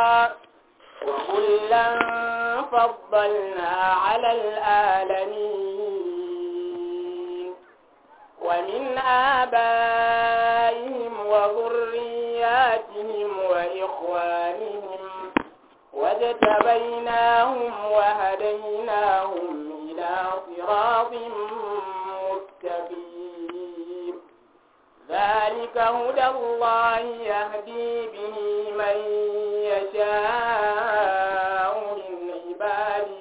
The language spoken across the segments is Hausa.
وكلا فضلنا على العالمين ومن آبائهم وذرياتهم وإخوانهم واجتبيناهم وهديناهم إلى صراط مستقيم ذلك هدى الله يهدي به من يشاء من عباده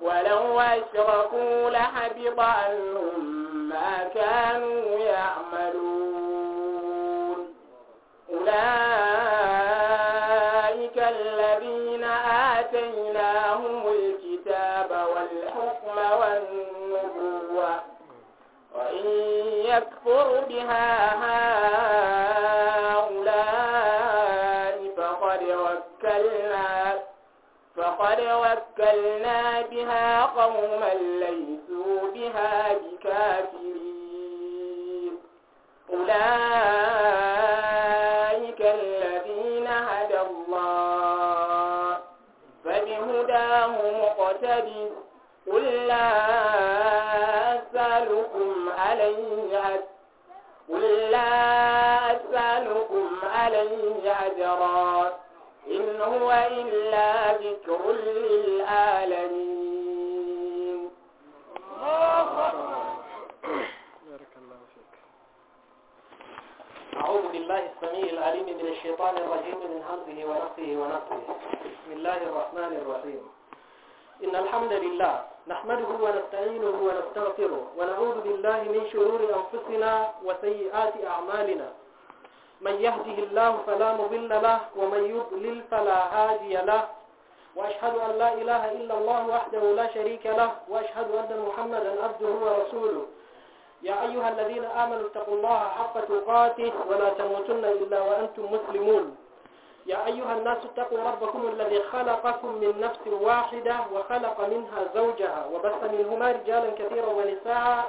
ولو أشركوا لحبط عنهم ما كانوا يعملون أولئك الذين آتيناهم الكتاب والحكم والنبوة وإن يكفر بها هؤلاء لقد وكلنا بها قوما ليسوا بها بكافرين أولئك الذين هدى الله فبهداه مقتدر قل لا أسألكم عليه أجر قل لا أسألكم عليه أجرا إن هو إلا ذكر للعالمين بارك الله فيك أعوذ بالله السميع العليم من الشيطان الرجيم من همزه ونفسه ونفسه بسم الله الرحمن الرحيم إن الحمد لله نحمده ونستعينه ونستغفره ونعوذ بالله من شرور أنفسنا وسيئات أعمالنا من يهده الله فلا مضل له ومن يضلل فلا هادي له وأشهد أن لا إله إلا الله وحده لا شريك له وأشهد أن محمدا عبده رسوله يا أيها الذين آمنوا اتقوا الله حق تقاته ولا تموتن إلا وأنتم مسلمون يا أيها الناس اتقوا ربكم الذي خلقكم من نفس واحدة وخلق منها زوجها وبث منهما رجالا كثيرا ونساء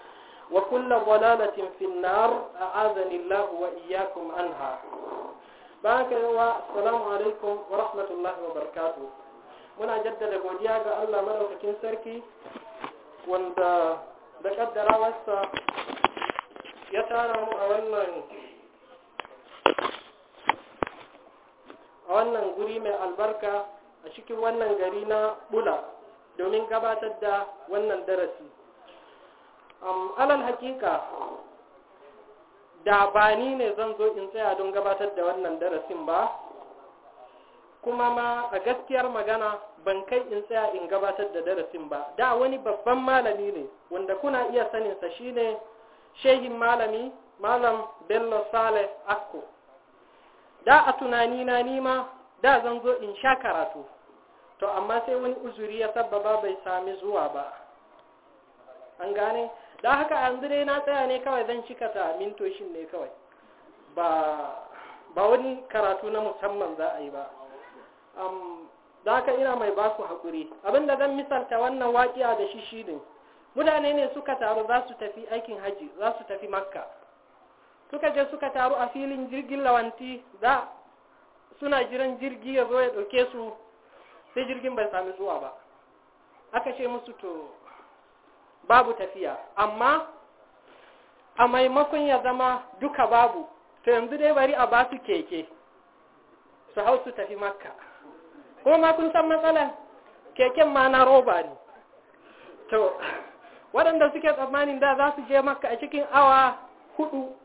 وكل ضلالة في النار أعاذني الله وإياكم عنها بارك الله السلام عليكم ورحمة الله وبركاته muna jaddada godiya ga Allah madaukakin sarki wanda da kaddarawarsa ya tara mu a wannan wannan guri mai albarka a cikin wannan gari na bula domin gabatar da wannan darasi alal hakika da ba ni ne zan zo in tsaya don gabatar da wannan darasin ba kuma ma a gaskiyar magana ban kai in tsaya in gabatar da darasin ba da wani babban malami ne wanda kuna iya saninsa shine shehin malami malam bello sale akko da a tunani na nima da zan zo in sha karatu to amma sai wani uzuri ya sababa bai sami zuwa ba an gane da haka yanzu dai na tsaya ne kawai zan cika ta mintoshin ne kawai ba wani karatu na musamman za a yi ba da haka ina mai ba ku haƙuri abinda zan misalta wannan waƙiya da shi shi ne mutane ne suka taru za su tafi aikin haji za su tafi makka suka je suka taru a filin jirgin lawanti za suna jiran jirgi ya zo ya ɗauke su sai jirgin bai sami zuwa ba aka ce musu to babu tafiya amma a maimakon ya zama duka babu to yanzu dai bari a basu keke su hau su tafi makka kuma ma kun san matsalar keken ma na roba ne to waɗanda suke tsammanin da za su je makka a cikin awa hudu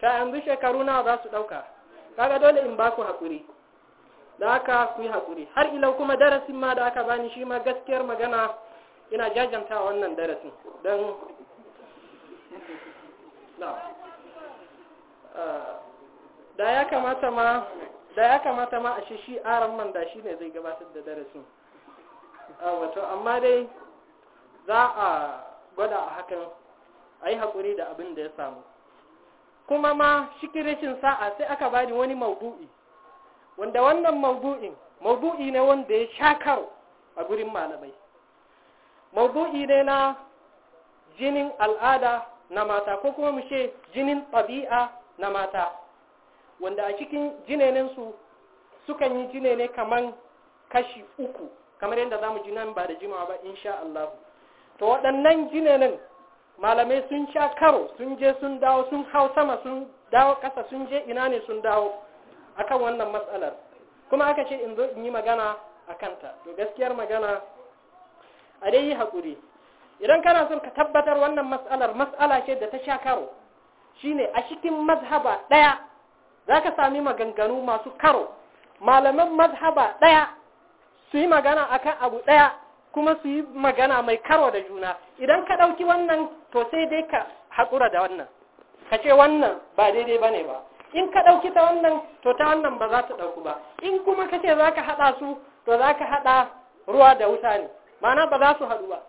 ta yanzu shekaru nawa za su ɗauka kaga dole in ba ku haƙuri da aka ku haƙuri har ilau kuma darasin ma da aka bani shi ma gaskiyar magana ina jajanta wannan darasin don da ya kamata ma da a shi shi aron man shi ne zai gabatar da darasin wato amma dai za a gwada a hakan a yi haƙuri da abin da ya samu kuma ma shikirashin sa'a sai aka bani wani maubu’i, wanda wannan maudu'in maudu'i ne wanda ya sha karo a gurin malamai maudu'i ne na jinin al'ada na mata ko kuma mu ce jinin ɗabi'a na mata wanda a cikin jinenensu sukan yi jinene kaman kashi uku kamar yadda za mu ji nan ba da jimawa ba insha Allah to waɗannan jinenen malamai sun sha karo sun je sun dawo sun hau sama sun dawo ƙasa sun je ina ne sun dawo akan wannan matsalar kuma aka ce in zo in yi magana a kanta to gaskiyar magana a dai yi haƙuri idan kana son ka tabbatar wannan matsalar matsala ce da ta sha karo shi ne a cikin mazhaba ɗaya za ka sami maganganu masu karo malaman mazhaba ɗaya su yi magana akan abu ɗaya kuma su yi magana mai karo da juna idan ka ɗauki wannan to sai dai ka haƙura da wannan ka ce wannan ba daidai ba ne ba in ka ɗauki ta wannan to ta wannan ba za ta ɗauku ba in kuma ka ce za ka haɗa su to za ka haɗa ruwa da wuta ne ma'ana ba za su haɗu ba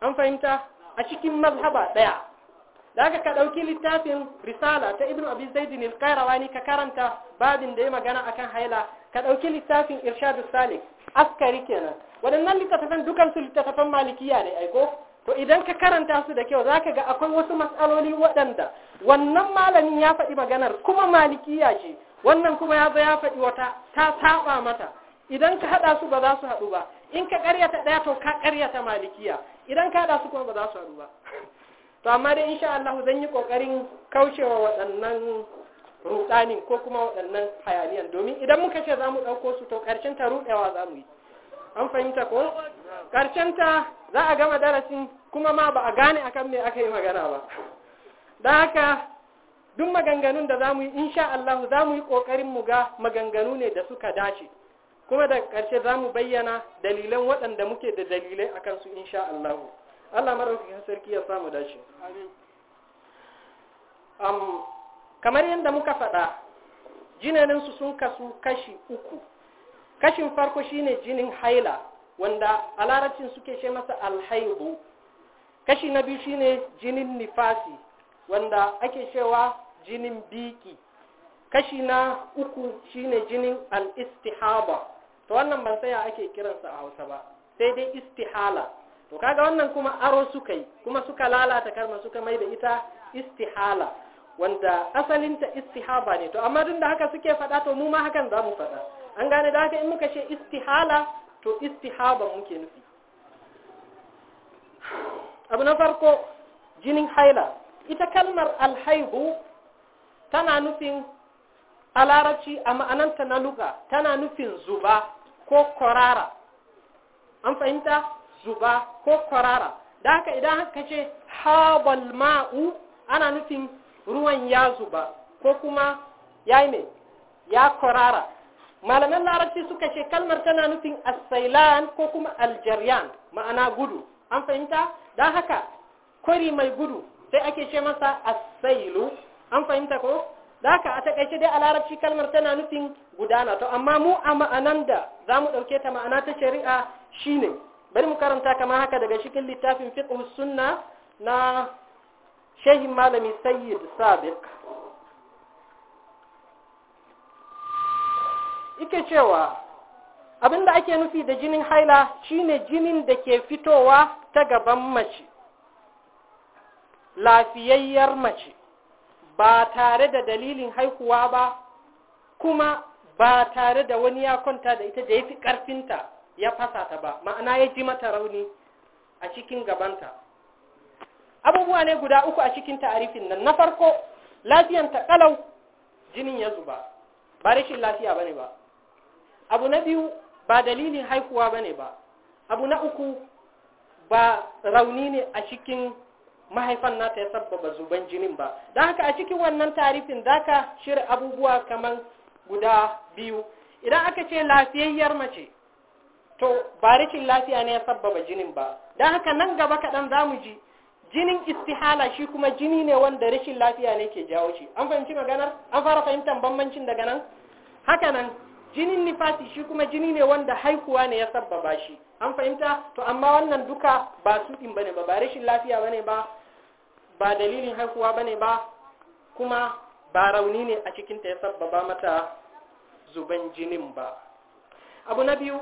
an fahimta a cikin mazhaba ɗaya da aka ka ɗauki littafin risala ta ibn abi zaidin al ne ka karanta babin da ya magana a kan haila ka ɗauki littafin irshadu salik askari kenan waɗannan littattafan dukan su littattafan malikiya ne aiko to idan ka karanta su da kyau za ka ga akwai wasu matsaloli waɗanda wannan malamin ya faɗi maganar kuma malikiya ce wannan kuma ya ya faɗi wata ta saba mata idan ka haɗa su ba za su haɗu ba in ka karyata ɗaya to ka karyata malikiya idan ka da su kuma ba za su haɗu ba to amma dai insha Allah zan yi kokarin kaucewa waɗannan rudanin ko kuma waɗannan hayaniyan domin idan muka ce za mu ɗauko su to ƙarshen ta ruɗewa za mu yi an fahimta ko ƙarshen ta za a gama darasin kuma ma ba a gane akan me aka yi magana ba da haka duk maganganun da za mu yi insha Allah za mu yi ƙoƙarin mu ga maganganu ne da suka dace kuma da ƙarshe za mu bayyana dalilan waɗanda muke da dalilai a kansu insha Allah Allah maraukakin sarki ya samu da shi. kamar yadda muka faɗa jinaninsu sun kasu kashi uku kashin farko shine jinin haila wanda a larabcin suke ce masa alhaibu kashi na biyu shine jinin nifasi wanda ake cewa jinin biki kashi na uku shine jinin al-istihaba to wannan ban sai ake kiransa a hausa ba sai dai istihala to kaga wannan kuma aro suka yi kuma suka lalata karma suka mai da ita istihala wanda asalinta istihaba ne to amma duk haka suke faɗa to mu ma hakan zamu fada an gane da haka in muka ce istihala to istihaba muke nufi abu na farko jinin haila ita kalmar alhaihu tana nufin alaraci, larabci a ma'ananta na luga tana nufin zuba ko kwarara an fahimta zuba ko kwarara da haka idan haka ce habal ma'u ana nufin ruwan ya zuba ko kuma ya yi ne ya kwarara malaman larabci suka ce kalmar tana nufin asailan ko kuma aljaryan ma'ana gudu an fahimta da haka kwari mai gudu sai ake ce masa asailu an fahimta ko da ka a taƙaice dai a larabci kalmar tana nufin gudana to amma mu a ma'anan da za mu ɗauke ta ma'ana ta shari'a shine bari mu karanta kama haka daga cikin littafin fiqh sunna na shehin malami sayyid sabiq ike cewa abinda ake nufi da jinin haila shine jinin da ke fitowa ta gaban mace lafiyayyar mace ba tare da dalilin haihuwa ba kuma ba tare da wani ya kwanta da ita da ya fi ƙarfinta ya fasa ta ba ma'ana ya ji mata rauni a cikin gabanta abubuwa ne guda uku a cikin ta'arifin nan na farko lafiyan ta kalau jinin ya zuba ba rashin lafiya ba ne ba abu na biyu ba dalilin haihuwa ba ne ba abu na uku ba rauni ne a cikin mahaifan nata ya sabbaba zuban jinin ba don haka a cikin wannan tarifin ka shirya abubuwa kamar guda biyu idan aka ce lafiyayyar mace to ba lafiya ne ya sabbaba jinin ba don haka nan gaba kaɗan za mu ji jinin istihala shi kuma jini ne wanda rashin lafiya ne ke jawo shi an fahimci maganar an fara fahimtar bambancin daga nan haka nan jinin nifasi shi kuma jini ne wanda haihuwa ne ya sabbaba shi an fahimta to amma wannan duka ba su ɗin ne ba ba rashin lafiya ba ne ba ba dalilin haihuwa ne ba kuma ba rauni ne a cikinta ya sabbaba mata zuban jinin ba abu na biyu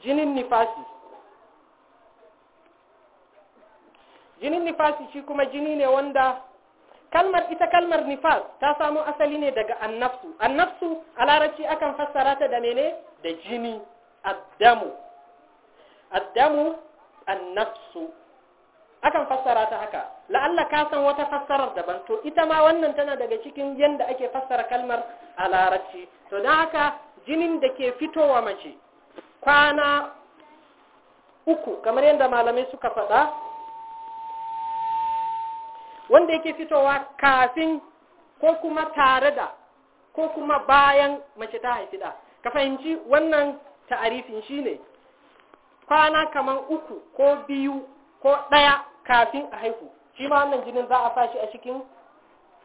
jinin nifasi jinin nifasi shi kuma jini ne wanda kalmar ita kalmar nifas ta samo asali ne daga annafsu annafsu a larabci akan fassara ta da mene da jini addamu addamu annafsu akan fassara ta haka la'alla ka san wata fassarar daban to ita ma wannan tana daga cikin yadda ake fassara kalmar a larabci to don haka jinin da ke fitowa mace kwana uku kamar yadda malamai suka faɗa wanda yake fitowa kafin ko kuma tare da ko kuma bayan mace ta haifi da ka fahimci wannan ta'arifin shine kwana kamar uku ko biyu ko ɗaya kafin a haihu shi ma wannan jinin za a sa shi a cikin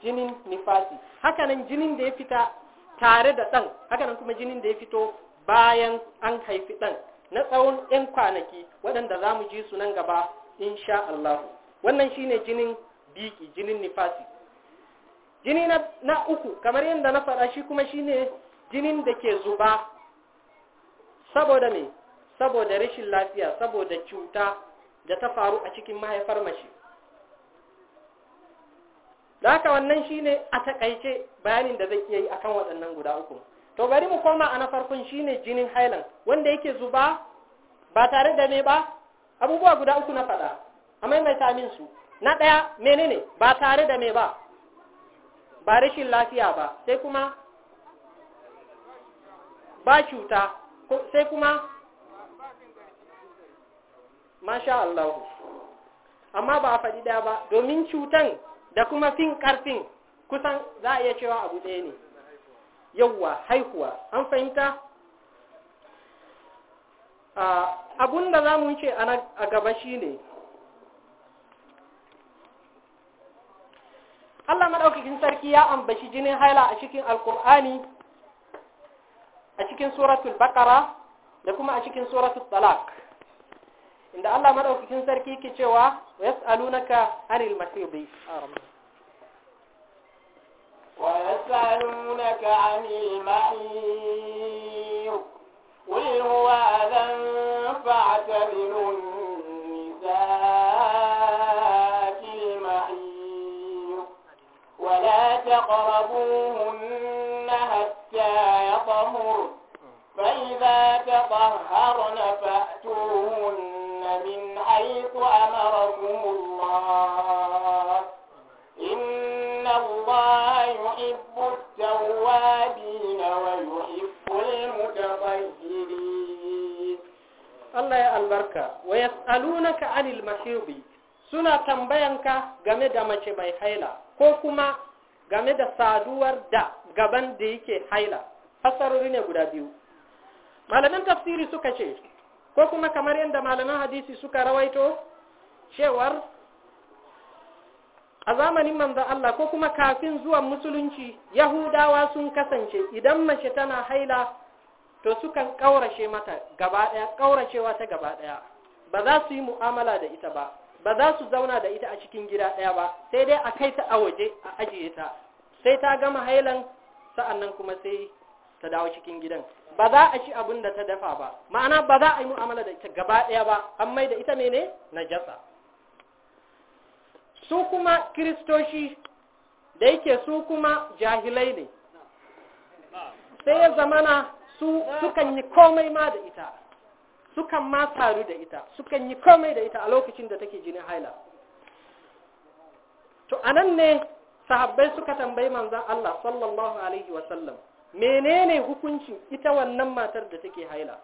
jinin nifasi hakanan jinin da ya fita tare da ɗan hakanan kuma jinin da ya fito bayan an haifi ɗan na tsawon 'yan kwanaki waɗanda za mu ji su nan gaba insha Allah wannan shine jinin biki jinin nifasi jini na uku kamar yadda na faɗa shi kuma shine jinin da ke zuba saboda me saboda rashin lafiya saboda cuta da ta faru a cikin mahaifar mace da haka wannan ne a taƙaice bayanin da zai iya yi a kan waɗannan guda uku to bari mu koma a na farkon ne jinin hailan wanda yake zuba ba tare da me ba abubuwa guda uku na faɗa a maimaita min su na ɗaya mene ne ba tare da me ba ba rashin lafiya ba sai kuma ba cuta sai kuma masha Allah amma ba a faɗi ɗaya ba domin cutan da kuma fin ƙarfin kusan za a iya cewa abu ɗaya ne Yauwa haihuwa an fahimta abun da za mu ce a gaba shi ne Allah maɗaukakin sarki ya ambaci jinin haila a cikin alkur'ani a cikin suratul baƙara da kuma a cikin suratul talak inda Allah madaukakin sarki yake cewa yas'alunaka anil mahidi ويسألونك عن المحيط قل هو أذى فاعتبروا النساء في المحيط ولا تقربوهن حتى يطهر فإذا تطهرن فأتوهن من حيث أمركم الله إن الله يحب التوابين ويحب المتطهرين الله يا البركة ويسألونك عن المحيض suna tambayanka game da mace mai haila ko kuma game da saduwar da gaban da yake haila fasarori ne guda biyu malamin tafsiri suka ce ko kuma kamar yadda malaman hadisi suka rawaito cewar a zamanin manzan Allah ko kuma kafin zuwan musulunci yahudawa sun kasance idan mace tana haila to sukan kaurace mata gaba ɗaya ta gabaɗaya ba za su yi mu'amala da ita ba ba za su zauna da ita a cikin gida ɗaya ba sai dai a kai ta a waje a ajiye ta sai ta gama hailan sa'annan kuma sai ta dawo cikin gidan ba za a ci abin da ta dafa ba ma'ana ba za a yi mu'amala da ita gaba ɗaya ba an mai da ita mene jasa su kuma kiristoshi da yake su kuma jahilai ne sai ya zamana su sukan yi komai ma da ita sukan ma saru da ita sukan yi komai da ita a lokacin da take jini haila to anan ne sahabbai suka tambayi manzon Allah sallallahu alaihi wasallam menene hukuncin ita wannan matar da take haila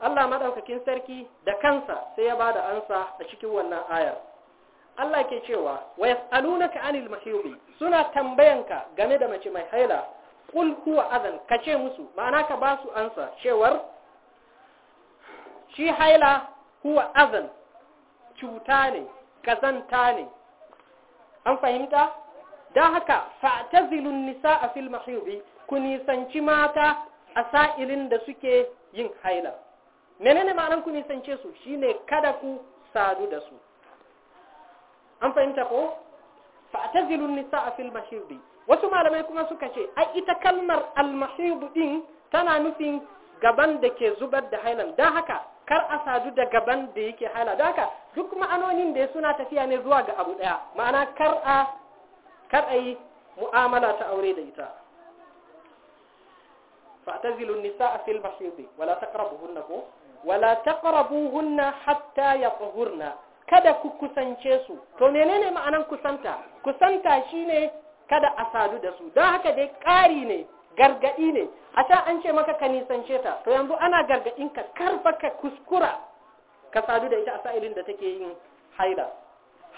Allah madaukakin sarki da kansa sai ya bada ansa a cikin wannan ayar Allah ke cewa wa yas'alunaka anil mahyubi suna tambayanka game da mace mai haila kul huwa adhan kace musu ma'ana ka ba su ansa cewar shi haila huwa azan cuta ne kazanta ne an fahimta Da haka fa'tazilun nisa'a fil mahyubi ku nisanci mata a sa'ilin da suke yin haila menene ma'anar ku nisance su shine kada ku sadu da su an fahimta ko nisa a fil mashidi wasu malamai kuma suka ce a ita kalmar al ɗin din tana nufin gaban da ke zubar da hailan don haka kar a sadu da gaban da yake haila don haka duk ma'anonin da suna tafiya ne zuwa ga abu ɗaya ma'ana kar a kar a yi mu'amala ta aure da ita fa'tazilu nisaa fil mahidi wala taqrabuhunna ko wala taqrabuhunna hatta yatahurna kada ku kusance su to menene ma'anan kusanta kusanta shine kada a sadu da su don haka dai ƙari ne gargaɗi ne a sha an ce maka ka nisance ta to yanzu ana gargaɗi ka karfa ka kuskura ka sadu da ita a sa'ilin da take yin haida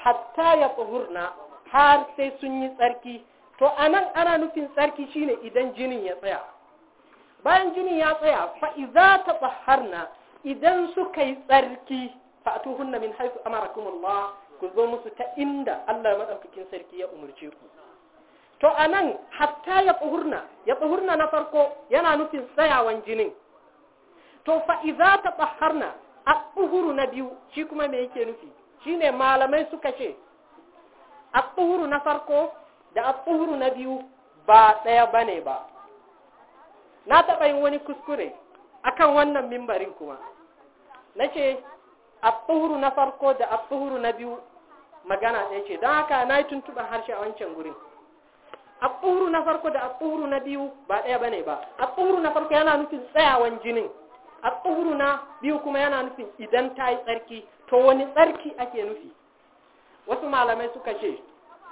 hatta ya tsuhurna har sai sun yi tsarki to anan ana nufin tsarki shine idan jinin ya tsaya bayan jini ya tsaya fa'iza ta tatahharna idan suka yi tsarki fa'tuhunna min haythu amarakumullah ku zo musu ta inda Allah madaukakin sarki ya umurce ku to anan hatta ya tsuhurna ya tsuhurna na farko yana nufin tsayawan jinin to fa'iza ta tatahharna a tuhuru na biyu shi kuma me yake nufi shine malamai suka ce a tuhuru na farko da a tuhuru na biyu ba tsaya bane ba na taɓa yin wani kuskure akan wannan mimbarin kuma na ce abuhuru na farko da abuhuru na biyu magana ɗaya ce don haka na yi tuntuɓar harshe a wancan gurin abuhuru na farko da abuhuru na biyu ba ɗaya ba ne ba abuhuru na farko yana nufin tsayawan jinin abuhuru na biyu kuma yana nufin idan ta yi tsarki to wani tsarki ake nufi wasu malamai suka ce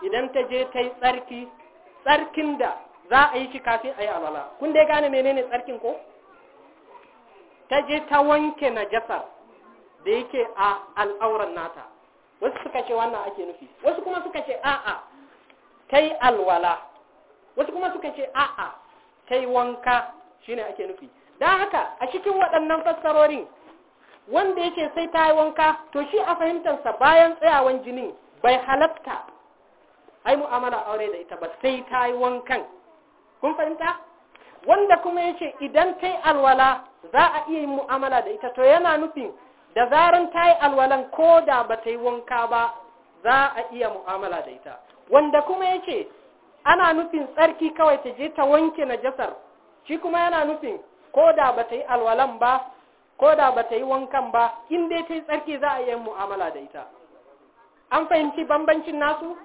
idan ta je ta yi tsarki tsarkin da za a yi shi kafin a yi alwala kun dai gane menene tsarkin ko ta je ta wanke najasa da yake a al'auran nata wasu suka ce wannan ake nufi wasu kuma suka ce a'a ta yi alwala wasu kuma suka ce a'a ta yi wanka shi ne ake nufi don haka a cikin waɗannan fassarorin wanda yake sai ta yi wanka to shi a fahimtarsa bayan tsayawan jinin bai halatta ai mu'amala aure da ita ba sai ta yi wankan kun fahimta wanda kuma yace idan ta yi alwala za a iya yin mu'amala da ita to yana nufin da zaran ta yi alwalan ko da ba ta yi wanka ba za a iya mu'amala da ita wanda kuma yace ana nufin tsarki kawai ta je ta wanke na jasar shi kuma yana nufin ko da ba ta yi alwalan ba ko da ba ta yi wankan ba in dai ta yi tsarki za a yi mu'amala da ita an fahimci bambancin nasu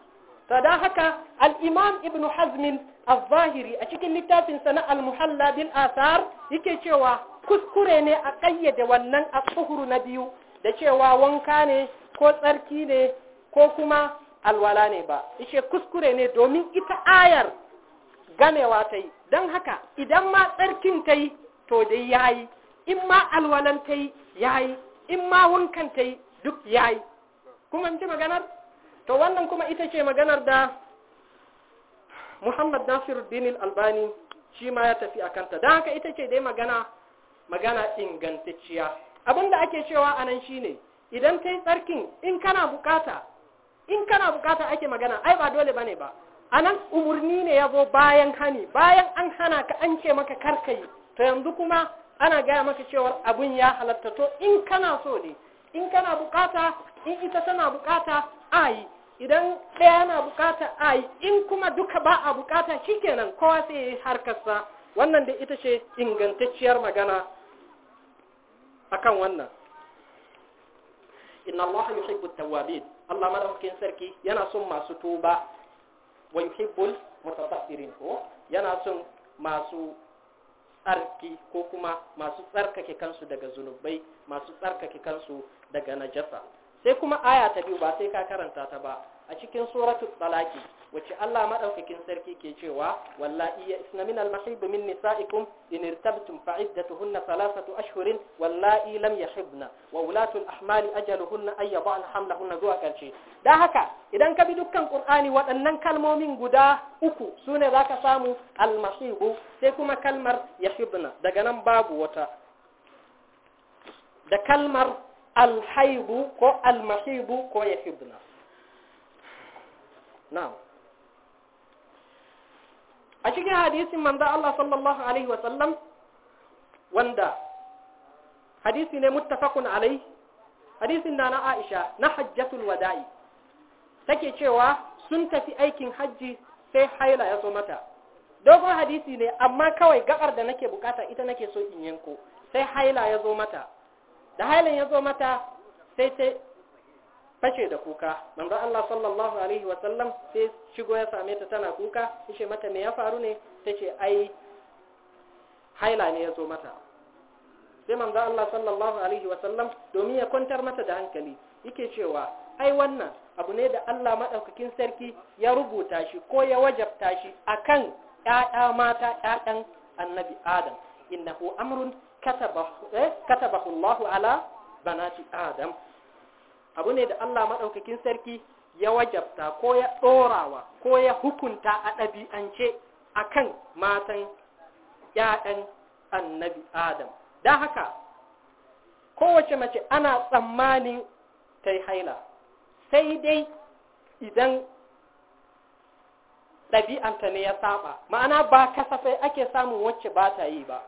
ta haka al'imam ibn hazmin al-zahiri a cikin littafin na al-muhalla bil asar yake cewa kuskure ne a kayyade wannan asuhuru na biyu da cewa wanka ne ko tsarki ne ko kuma alwala ne ba ishe kuskure ne domin ita ayar gamewa ta yi don haka idan ma tsarkin ta yi to dai ya yi in ma alwalan ta yi ya yi in ma wankan ta yi duk ya yi kuma ci maganar to wannan kuma ita ce maganar da muhammad nasiruddin albani shi ma ya tafi a kanta don haka ita ce dai magana magana ingantacciya abin da ake cewa anan nan shine idan kai tsarkin in kana bukata in kana bukata ake magana ai ba dole bane ba a nan umarni ne ya bayan hani bayan an hana ka an ce maka karkayi to yanzu kuma ana gaya maka cewar abun ya halatta to in kana so ne in kana bukata in ita tana bukata ayi idan ɗaya na bukata a in kuma duka ba a bukata shikenan kowa sai yi harkarsa wannan da ita ce ingantacciyar magana akan wannan inna yi haibu tawwabin Allah madaukakin sarki yana son masu tuba wa yuhibbul ko yana son masu tsarki ko kuma masu tsarkake kansu daga zunubai masu tsarkake kansu daga najasa sai kuma aya ta biyu ba sai ka karanta ta ba a cikin suratul talaqi wacce Allah madaukakin sarki ke cewa wallahi isna min al-mahib min nisaikum in irtabtum fa iddatuhunna thalathatu ashhurin wallahi lam yahibna wa ulatul ahmal ajaluhunna ay yad'na hamlahunna zuwa karshe dan haka idan ka bi dukkan qur'ani waɗannan kalmomin guda uku sune zaka samu al-mahib sai kuma kalmar yahibna daga nan babu wata da kalmar alhaibu ko almahibu ko ya hibna now a cikin hadisin manda Allah sallallahu alaihi wasallam wanda hadisi ne muttafaqun alai hadisin na na Aisha na hajjatul wada'i take cewa sun tafi aikin hajji sai haila ya zo mata dogon hadisi ne amma kawai gabar da nake bukata ita nake so in yanko sai haila ya zo mata da halin ya zo mata sai ta fashe da kuka manzo Allah sallallahu alaihi wa sallam sai shigo ya same ta tana kuka yace mata me ya faru ne tace ai haila ne ya zo mata sai manzo Allah sallallahu alaihi wa sallam domin ya kwantar mata da hankali yake cewa ai wannan abu ne da Allah madaukakin sarki ya rubuta shi ko ya wajabta shi akan ƴaƴa mata ƴaƴan annabi Adam innahu amrun Eh, katabahu Allahu ala banati Adam abu ne da Allah maɗaukakin sarki ya wajabta ko ya ɗorawa ko ya hukunta a ɗabi'ance akan matan ƴaƴan annabi Adam da haka kowace mace ana tsammanin ta haila sai dai idan ɗabi'anta ne ya saba ma'ana ba kasafai ake samun wacce ba ta yi ba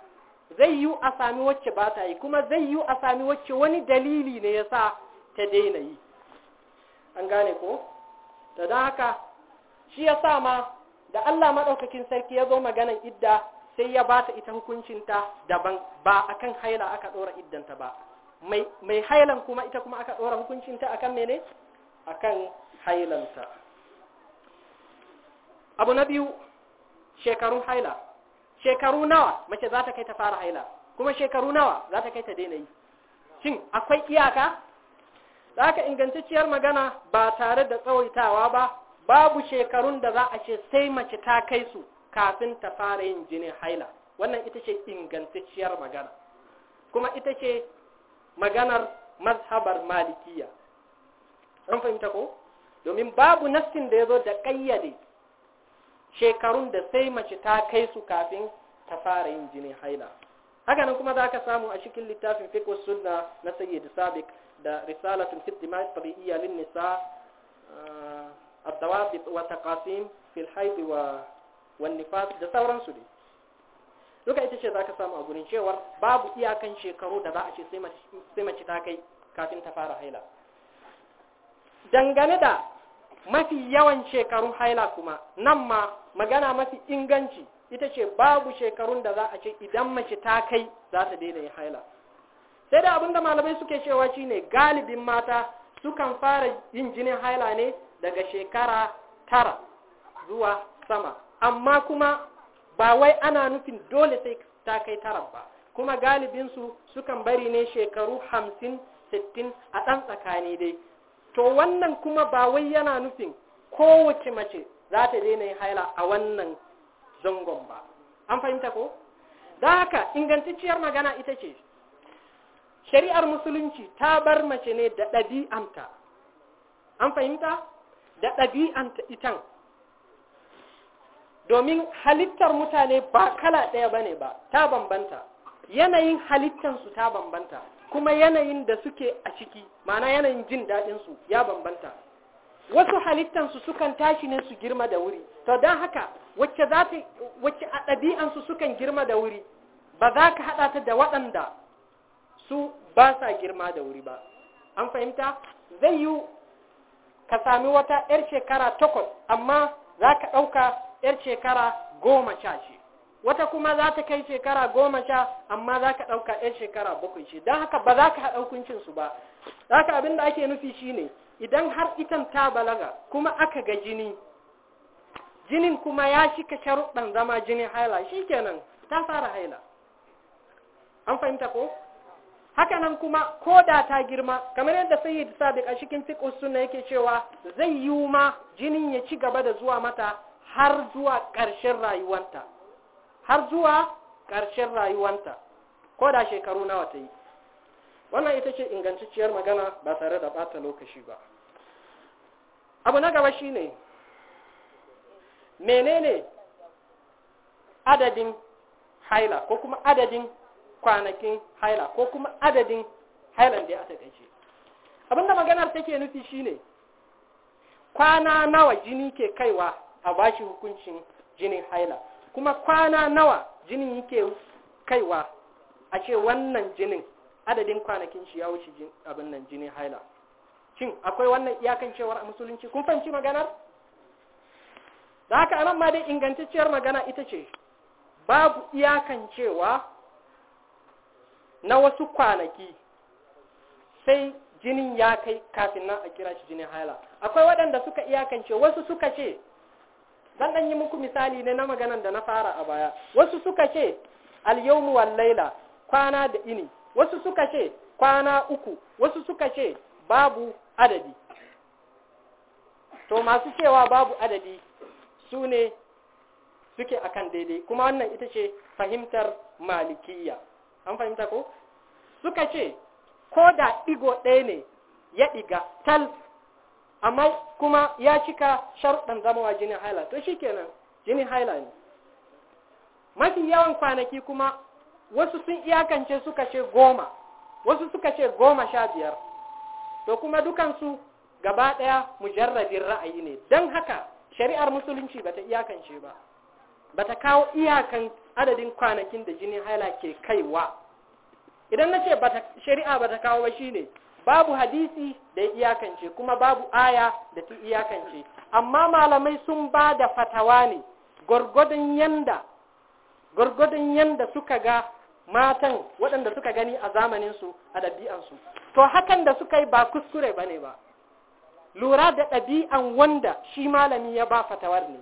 zai yi a sami wacce ba ta yi kuma zai yi a sami wacce wani dalili ne ya sa ta daina yi an gane ko da don haka shi ya sa ma da Allah maɗaukakin sarki ya zo maganan idda sai ya ba ta ita hukuncinta daban ba akan haila aka ɗora iddanta ba mai hailan kuma ita kuma aka ɗora hukuncinta akan mene akan hailanta abu na biyu shekarun haila shekaru nawa mace za ta kai ta fara haila kuma shekaru nawa za ta kai ta daina yi shin akwai iyaka za ka ingantacciyar magana ba tare da tsawaitawa ba babu shekarun da za a ce sai mace ta kai su kafin ta fara yin jinin haila wannan ita ce ingantacciyar magana kuma ita ce maganar mazhabar malikiya an fahimta ko domin babu nassin da ya zo da ƙayyade shekarun da sai mace ta kai su kafin ta fara yin jini haila haka nan kuma za ka samu a cikin littafin fiqh sunna na sayyid Sabik da risalatun fi dima'i tabi'iyya lin nisa uh, wa taqasim fil hayd wa wan nifas da su dai duka ita ce za ka samu a gurin cewar babu iyakan shekaru da za a ce sai mace ta kai kafin ta fara haila dangane da mafi yawan shekarun haila kuma nan ma magana mafi inganci ita ce babu shekarun da za a ce idan mace ta kai za ta daina haila sai da abinda malamai suke cewa shi ne galibin mata sukan fara yin jinin haila ne daga shekara tara zuwa sama amma kuma ba wai ana nufin dole sai ta kai tara ba kuma galibinsu sukan bari ne shekaru hamsin sittin a ɗan tsakani dai to wannan kuma ba wai yana nufin kowace mace za ta daina yin haila a wannan zangon ba an fahimta ko da haka ingantacciyar magana ita ce shari'ar musulunci ta bar mace ne da ɗabi'anta an fahimta da ɗabi'anta itan domin halittar mutane ba kala ɗaya ba ne ba ta bambanta yanayin halittansu ta bambanta kuma yanayin da suke a ciki mana yanayin jin daɗinsu ya bambanta wasu halittansu sukan tashi ne su girma da wuri to don haka wacce za ta wacce a ɗabi'ansu sukan girma da wuri ba za ka haɗa ta da waɗanda su ba sa girma da wuri ba an fahimta zai yi ka sami wata 'yar shekara takwas amma za ka ɗauka 'yar shekara goma sha wata kuma za ta kai shekara goma sha amma za ka ɗauka 'yar shekara bakwai ce don haka ba za ka haɗa hukuncinsu ba za ka abin da ake nufi shine idan har itan ta balaga kuma aka ga jini jinin kuma ya shika sharuɗan zama jinin haila shikenan ta fara haila an fahimta ko haka nan kuma ko da ta girma kamar yadda sayyid sadiq a cikin fiqh sunna yake cewa zai yi ma jinin ya ci gaba da zuwa mata har zuwa ƙarshen rayuwanta har zuwa ƙarshen rayuwanta ko da shekaru nawa ta yi wannan ita ce ingantacciyar magana ba tare da ɓata lokaci ba abu na gaba shi shine menene adadin haila ko kuma adadin kwanakin haila ko kuma adadin hailan da ya takaice abinda maganar take nufi shi ne kwana nawa jini ke kaiwa a bashi hukuncin jinin haila kuma kwana nawa jini yake kaiwa a ce wannan jinin adadin kwanakin shi ya wuce abin nan jinin haila shin akwai wannan iyakancewar a musulunci kun fanci maganar da haka anan ma dai ingantacciyar magana ita ce babu iyakancewa na wasu kwanaki sai jinin ya kai kafin nan a kira shi jinin haila akwai waɗanda suka iyakance wasu suka ce zan ɗan yi muku misali ne na maganan da na fara a baya wasu suka ce alyawmu wal laila kwana da ini wasu suka ce kwana uku wasu suka ce babu adadi to masu cewa babu adadi su ne suke akan daidai kuma wannan ita ce fahimtar malikiya an fahimta ko suka ce ko da ɗigo ɗaya ne ya ɗiga tal amma kuma ya cika sharuɗan zamawa jinin haila to shi kenan jinin haila ne mafi yawan kwanaki kuma wasu sun iyakance suka ce goma wasu suka ce goma sha biyar to kuma dukansu gaba ɗaya mujarradin ra'ayi ne don haka shari'ar musulunci ba ta iyakance ba ta kawo iyakan adadin kwanakin da jini haila ke kaiwa idan na ce shari'a ba ta kawo ba shi ne babu hadisi da iyakance kuma babu aya da ta iyakance amma malamai sun ba da fatawa ne gwargwadon yadda gwargwadon yanda suka ga matan waɗanda suka gani a zamaninsu a ɗabi'ansu to hakan da suka yi ba kuskure ba ne ba lura da ɗabi'an wanda shi malami ya ba fatawar ne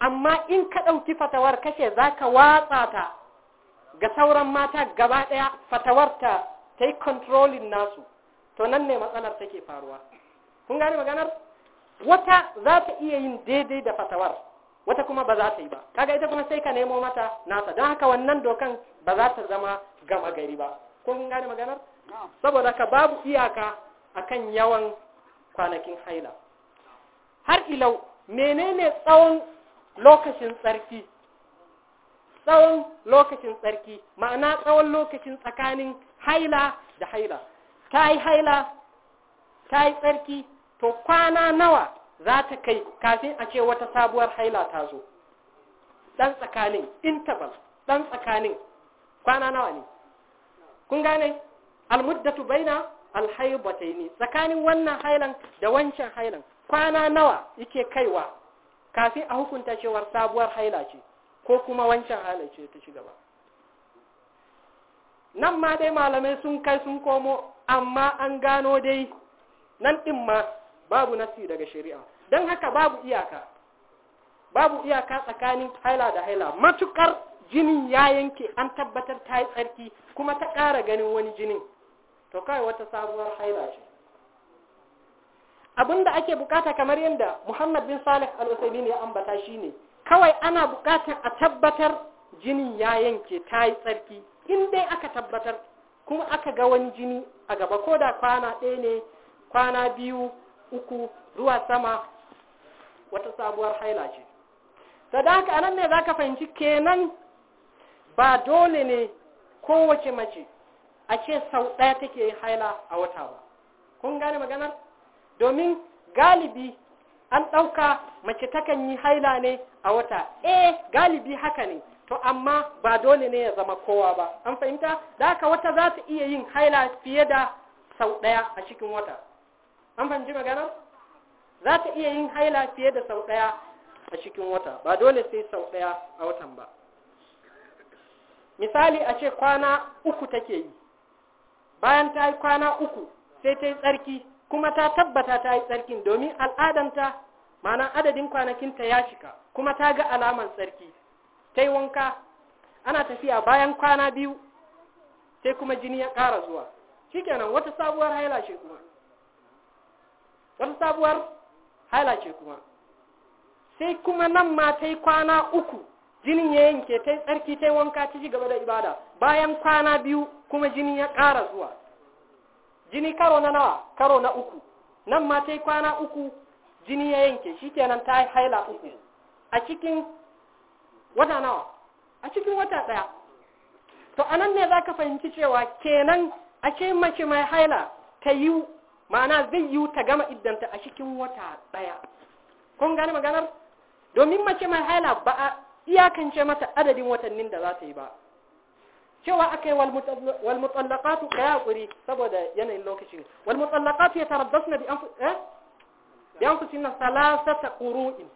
amma in ka ɗauki fatawar kashe za ka watsa ta ga sauran mata gaba ɗaya fatawar ta ta yi controlling nasu to nan ne matsalar take faruwa kun gane maganar wata za ta iya yin daidai da fatawar wata kuma ba za ta yi ba kaga ita kuma sai ka nemo mata nasa don haka wannan dokan ba za ta zama gama gari ba ko kun gane maganar saboda ka babu iyaka a kan yawan kwanakin haila har ilau menene tsawon lokacin tsarki tsawon lokacin tsarki ma'ana tsawon lokacin tsakanin haila da haila ta yi haila ta yi tsarki to kwana nawa za ta kai kafin a ce wata sabuwar haila ta zo ɗan tsakanin interval ɗan tsakanin kwana nawa ne kun gane almuddatu baina alhaibataini tsakanin wannan hailan da wancan hailan kwana nawa yake kaiwa kafin a hukunta cewar sabuwar haila ce ko kuma wancan haila ce ta ci gaba nan ma dai malamai sun kai sun komo amma an gano dai nan din ma babu nasi daga shari'a don haka babu iyaka babu iyaka tsakanin haila da haila matukar jinin ya yanke an tabbatar ta yi tsarki kuma ta ƙara ganin wani jinin to kawai wata sabuwar haila ce abinda ake bukata kamar yadda muhammad bin salih al ya ambata shine kawai ana bukatar a tabbatar jinin ya yanke ta yi tsarki in dai aka tabbatar kuma aka ga wani jini a gaba ko da kwana ɗaya ne kwana biyu uku zuwa sama wata sabuwar haila ce sadaka anan ne zaka fahimci kenan ba dole ne kowace mace a ce sau ɗaya take haila a wata ba kun gane maganar domin galibi an ɗauka mace takan yi haila ne a wata eh galibi haka ne to amma ba dole ne ya zama kowa ba an fahimta da haka wata za ta iya yin haila fiye da sau ɗaya a cikin wata an fahimci maganar za ta iya yin haila fiye da sau ɗaya a cikin wata ba dole sai sau ɗaya a watan ba misali a ce kwana uku take yi bayan ta yi kwana uku sai ta yi tsarki kuma ta tabbata ta yi tsarkin domin al'adanta ma'ana adadin kwanakinta ya cika kuma ta ga alamar tsarki ta yi wanka ana tafiya bayan kwana biyu sai kuma jini ya ƙara zuwa kenan wata sabuwar haila ce kuma wata sabuwar haila ce kuma sai kuma nan ma ta yi kwana uku jinin ya yanke ta tsarki ta wanka ta ci gaba da ibada bayan kwana biyu kuma jini ya ƙara zuwa jini karo na nawa karo na uku nan ma ta kwana uku jini ya yanke shikenan ta haila uku a cikin wata nawa a cikin wata ɗaya to a nan ne za ka fahimci cewa kenan a ce mace mai haila ta yi ma'ana zai yi ta gama iddanta a cikin wata ɗaya kun gane maganar domin mace mai haila ba a iyakance mata adadin watannin da za ta yi ba cewa akai wal mutallaqatu kayaquri saboda yanayin lokaci wal ya yatarabbasna bi anfus eh bi anfusinna salasata quru'in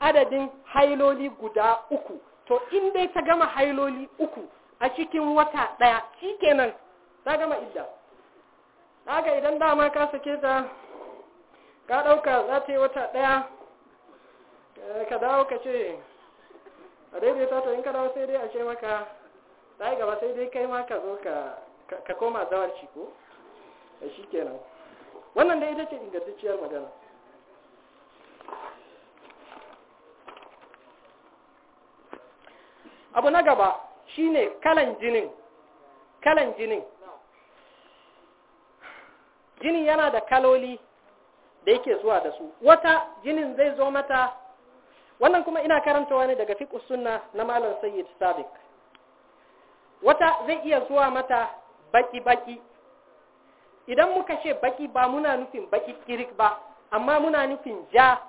adadin hailoli guda uku to in dai ta gama hailoli uku a cikin wata daya shikenan ta gama idda haka idan dama ka sake ta ka dauka za ta yi wata daya ka dawo ka ce a daidai tato in ka dawo sai dai a ce maka ta gaba sai dai kai ma ka zo ka koma zawarci ko da eh, shi kenan wannan dai ita ce ingantacciyar magana abu na gaba shine kalan jinin kalan jinin jini yana da kaloli da yake zuwa da su wata jinin zai zo mata wannan kuma ina karanta ne daga fiƙus suna na malam sayyid sabiq wata zai iya zuwa mata baki baki idan muka ce baki ba muna nufin baki kirik ba amma muna nufin ja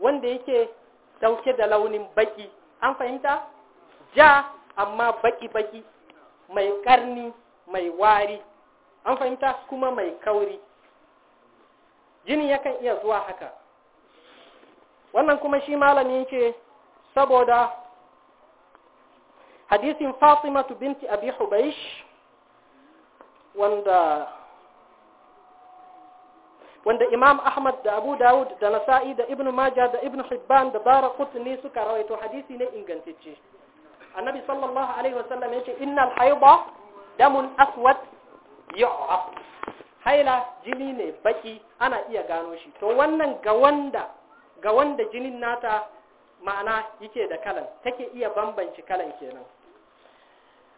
wanda yake dauke da launin baki an fahimta ja amma baki baki mai karni mai wari an fahimta kuma mai kauri jini yakan iya zuwa haka wannan kuma shi malami ce saboda hadisin fatimatu binti abi hubaish wanda wanda imam ahmad da abu dawud da nasa'i da ibn majah da ibn hibban da bara kutni suka rawaito hadisi ne ingantacce annabi sallallahu alaihi wasallam yace innal hayda damun aswad yu'af haila jini ne baki ana iya gano shi to wannan ga wanda ga wanda jinin nata ma'ana yake da kalan take iya bambanci kalan kenan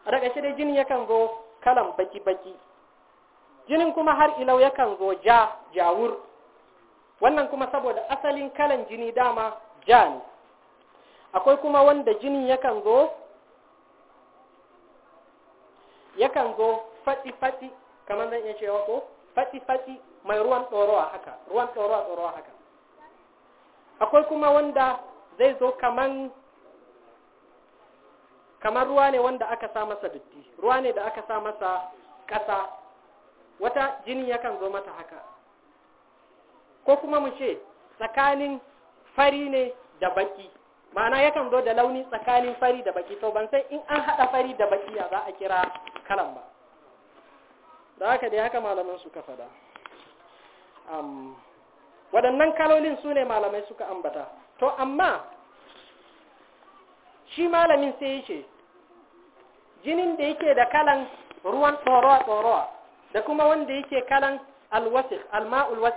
a daga shi dai jinin yakan zo kalan baki-baki jinin kuma har ilau yakan zo ja jawur wannan kuma saboda asalin kalan jini dama ja ne akwai kuma wanda jinin yakan zo yakan zo fati-fati kamar zan iya cewa ko fati-fati mai ruwan tsorowa haka ruwan tsorowa tsorowa haka akwai kuma wanda zai zo kaman kamar ruwa ne wanda aka sa masa dutti ruwa ne da aka sa masa ƙasa wata jini yakan zo mata haka ko kuma mu ce tsakanin fari ne da baki ma'ana yakan zo da launi tsakanin fari da baki to ban sai in an haɗa fari da baki ya za a kira kalan ba da haka dai haka malaman kafa fada um, waɗannan kalolin su ne malamai suka ambata to amma shi malamin sai ya ce jinin da yake da kalan ruwan tsorowa-tsorowa da kuma wanda yake kalan alwasif alma'ul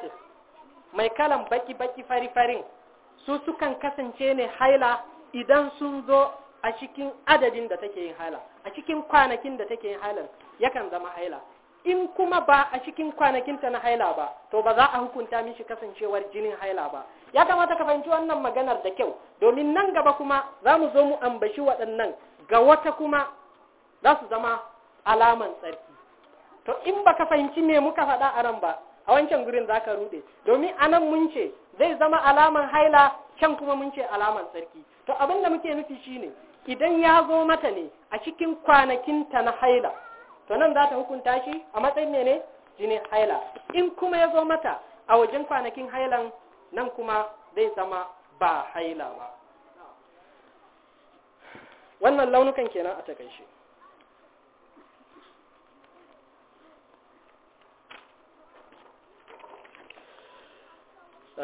mai kalan baki-baki fari-farin su sukan kasance ne haila idan sun zo a cikin adadin da take yin haila a cikin kwanakin da take yin haila yakan zama haila in kuma ba a cikin kwanakinta na haila ba to ba za a hukunta mishi kasancewar jinin haila ba ya kamata ka fahimci wannan maganar da kyau domin nan gaba kuma za mu zo mu ambaci waɗannan ga wata kuma za su zama alaman tsarki to in ba ka fahimci me muka faɗa a nan ba a wancan gurin za ka ruɗe domin a nan mun ce zai zama alaman haila can kuma mun ce alaman tsarki to abin da muke nufi shine idan ya zo mata ne a cikin kwanakinta na haila to nan za ta hukunta shi a matsayin mene jini haila in kuma ya zo mata a wajen kwanakin hailan nan kuma zai zama ba haila ba wannan launukan kenan a takaice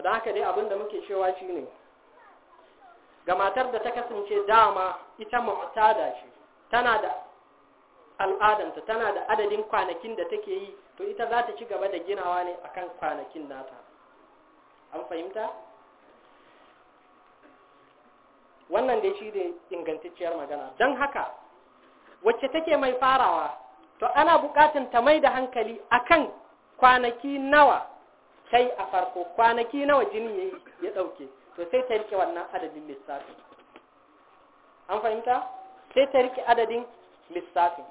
da haka dai abinda muke cewa shi ne ga matar da ta kasance dama ita da shi tana da al'adanta tana da adadin kwanakin da take yi to ita za ta ci gaba da ginawa ne akan kwanakin nata an fahimta wannan dai shi da ingantacciyar magana don haka wacce take mai farawa to ana bukatun ta mai da hankali akan kwanaki nawa kai a farko kwanaki nawa jini ya dauke to sai ta rike wannan adadin lissafi an fahimta sai ta rike adadin lissafi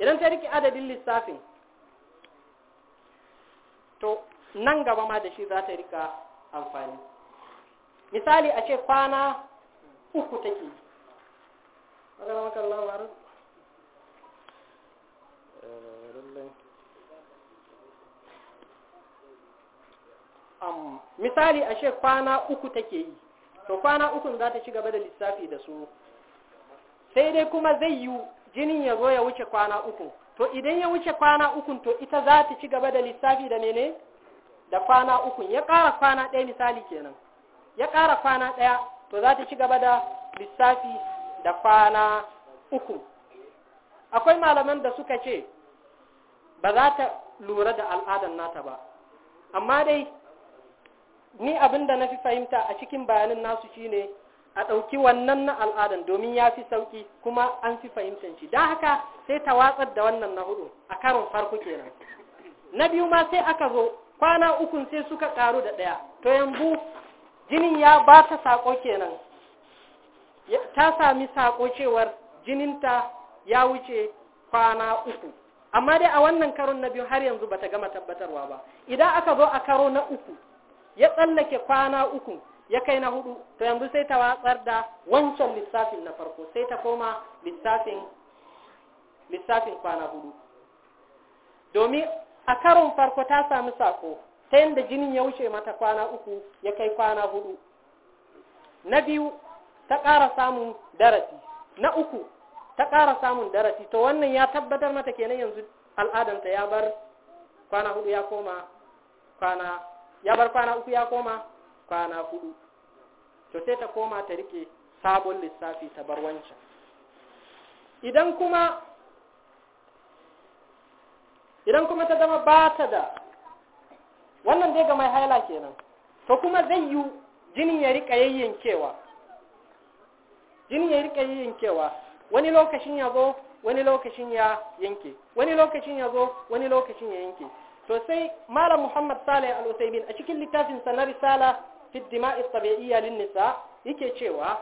idan ta rike adadin lissafin to nan gaba ma da shi za ta rika amfani misali a ce kwana uku take Um, misali a kwana uku take yi to kwana ukun za ta ci gaba da lissafi da su sai dai kuma zai yi jinin ya zo ya wuce kwana uku to idan ya wuce kwana uku to ita za ta ci gaba da lissafi da mene da kwana uku ya ƙara kwana ɗaya misali kenan ya ƙara kwana ɗaya to za ta ci gaba da lissafi da kwana uku akwai malaman da suka ce ba za ta lura da al'adar nata ba amma dai ni abin da na fi fahimta a cikin bayanin nasu shine a ɗauki wannan na al'adan domin ya fi sauƙi kuma an fi fahimtar shi don haka sai ta watsar da wannan na hudu a karon farko kenan na biyu ma sai aka zo kwana ukun sai suka ƙaru da ɗaya to yanzu jinin ya ba ta saƙo kenan ta sami saƙo cewar jininta ya wuce kwana uku amma dai a wannan karon na biyu har yanzu bata gama tabbatarwa ba idan aka zo a karo na uku ya tsallake kwana uku ya kai na hudu to yanzu sai ta watsar da wancan lissafin na farko sai ta koma lissafin lissafin kwana hudu domin a karon farko ta samu sako ta yadda jinin ya wuce mata kwana uku ya kai kwana hudu na biyu ta ƙara samun darasi na uku ta ƙara samun darasi to wannan ya tabbatar mata kenan yanzu al'adanta ya bar kwana hudu ya koma kwana ya bar kwana uku ya koma kwana hudu to sai ta koma ta rike sabon lissafi ta bar wancan idan kuma idan kuma ta zama ba ta da wannan dai ga mai haila kenan to kuma zai yi jinin ya rika yayyankewa jinin ya rika yayyankewa wani lokacin ya zo wani lokacin ya yanke wani lokacin ya zo wani lokacin ya yanke to sai malam muhammad sale al usaymin a cikin littafin sa na risala fi dima'i tabi'iyya lin nisa yake cewa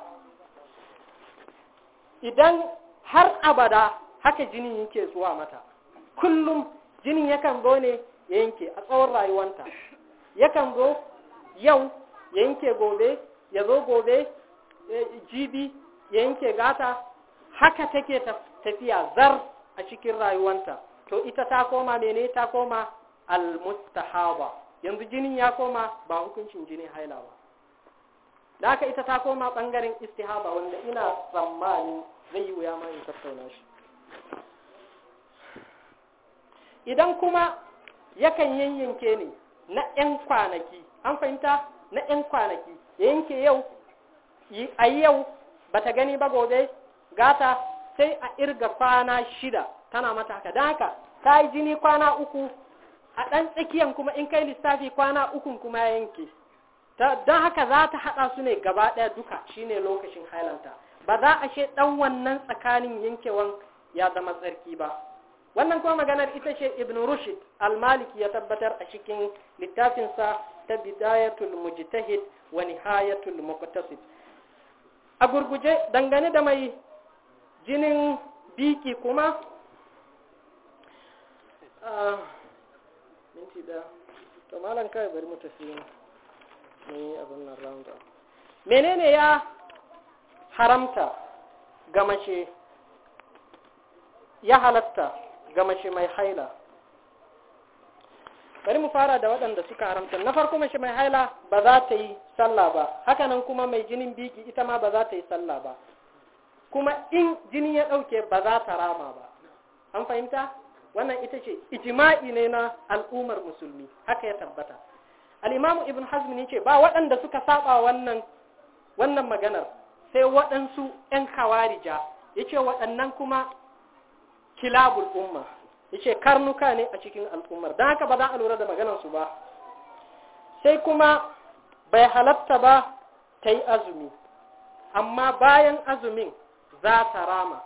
idan har abada haka jinin yake zuwa mata kullum jinin yakan zo ne yanke a tsawon rayuwanta yakan zo yau yanke gobe ya zo gobe eh, jibi yanke gata haka take tafiya zar a cikin rayuwanta to ita ta koma mene ta koma al-mustahaba yanzu jinin ya koma ba hukuncin jinin haila ba da aka ita ta koma ɓangaren istihaba wanda ina tsammani zai yi wuya mai tattauna shi idan kuma yakan yanyanke ne na 'yan kwanaki an fahimta na 'yan kwanaki ya yanke yau a yau ba ta gani ba gobe gata sai a irga kwana shida tana mata haka don haka ta yi jini kwana uku a ɗan tsakiyan kuma in kai lissafi kwana ukun kuma yanke don haka za ta haɗa su ne gaba ɗaya duka shi ne lokacin hailanta ba za a she ɗan wannan tsakanin yankewan ya zama tsarki ba wannan kuma maganar ita ce ibn rushid al-maliki ya tabbatar a cikin littafinsa ta bidayatul mujtahid wa nihayatul muqtasid a gurguje dangane da mai jinin biki kuma uh, minti daya to malam kai bari mu tafi ne abin nan round menene ya haramta ga mace ya halatta ga mace mai haila bari mu fara da waɗanda suka haramta na farko mace mai haila ba za ta yi sallah ba hakanan kuma mai jinin biki ita ma ba za ta yi sallah ba kuma in jini ya ɗauke ba za ta rama ba an fahimta wannan ita ce ijima'i ne na al'ummar musulmi haka ya tabbata al'imamu ibn hazm ne ce ba waɗanda suka saba wannan wannan maganar sai waɗansu 'yan kawarija ya ce waɗannan kuma kilabul umma ya ce karnuka ne a cikin al'ummar don haka ba za a lura da maganarsu ba sai kuma bai halatta ba ta yi azumi amma bayan azumin za ta rama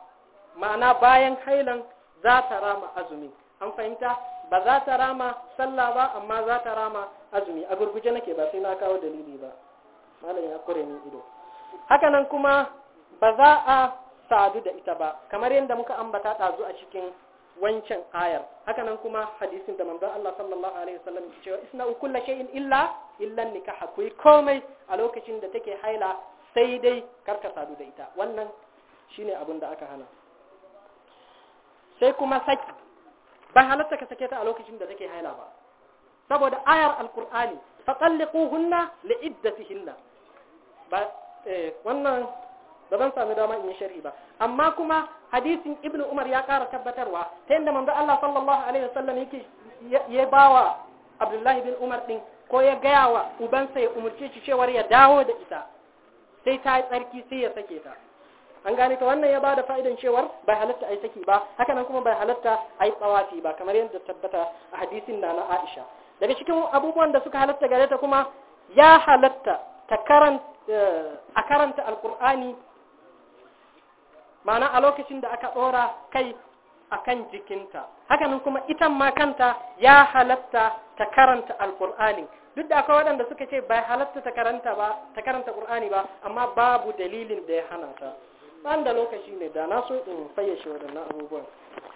ma'ana bayan hailan za ta rama azumi an fahimta ba za ta rama sallah ba amma za ta rama azumi a gurguje nake ba sai na kawo dalili ba malam ya kure ni ido hakanan kuma ba za a sadu da ita ba kamar yadda muka ambata ta a cikin wancan ayar hakanan kuma hadisin da manzon Allah sallallahu alaihi wasallam ya cewa isna kullu shay'in illa illa nikah ku komai a lokacin da take haila sai dai karka sadu da ita wannan shine abin da aka hana sai kuma saki ba halatta ka sake ta a lokacin da take haila ba saboda ayar alkur'ani fatalliquhunna liiddatihinna ba eh, wannan ba ban sami dama in yi sharhi ba amma kuma hadisin ibnu umar ya kara tabbatarwa ta da manzo Allah sallallahu alaihi wasallam yake ya bawa abdullahi bin umar din ko ya gaya wa ubansa ya umurce shi cewar ya dawo da ita sai ta tsarki sai ya sake ta an gane ta wannan ya ba da fa'idan cewar bai halatta a yi saki ba haka nan kuma bai halatta a yi tsawafi ba kamar yadda tabbata a hadisin da na aisha daga cikin abubuwan da suka halatta gare ta kuma ya halatta eh, a karanta alkur'ani ma'ana a lokacin da aka ɗora kai a kan jikinta hakanan kuma ita ma kanta ya halatta ta karanta alkur'ani duk da akwai waɗanda suka ce bai halatta ta karanta ba ta karanta ba amma babu dalilin da ya hana ta ban da lokaci ne da na so in fayyace waɗannan abubuwan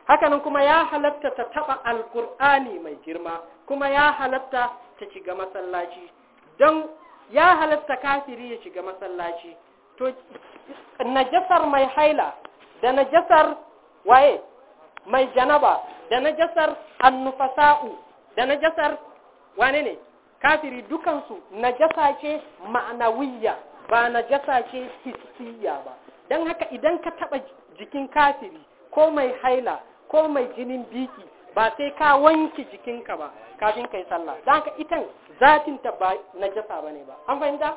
hakanan kuma ya halatta ta taɓa alkur'ani mai girma kuma ya halatta ta shiga masallaci don ya halatta kafiri ya shiga masallaci to najasar mai haila da najasar waye mai janaba da najasar annufasa'u da najasar wane ne kafiri dukansu najasa ce ma'anawiyya ba najasa ce hissiya ba don haka idan ka taɓa jikin kafiri ko mai haila ko mai jinin biki ba sai ka wanke jikinka ba kafin ka yi sallah don haka itan zatin ta ba na jasa ba ne ba an fahimta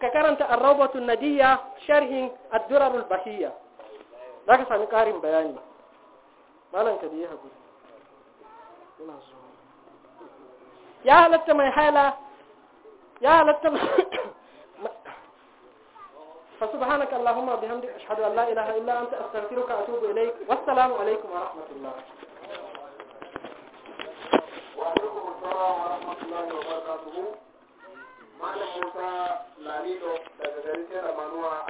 ka karanta arrabatu nadiya sharhin addurarul bahiyya za ka sami ƙarin bayani malam ka da ya haƙuri ya halatta mai haila ya halatta فسبحانك اللهم وبحمدك أشهد أن لا إله إلا أنت أستغفرك وأتوب إليك والسلام عليكم ورحمة الله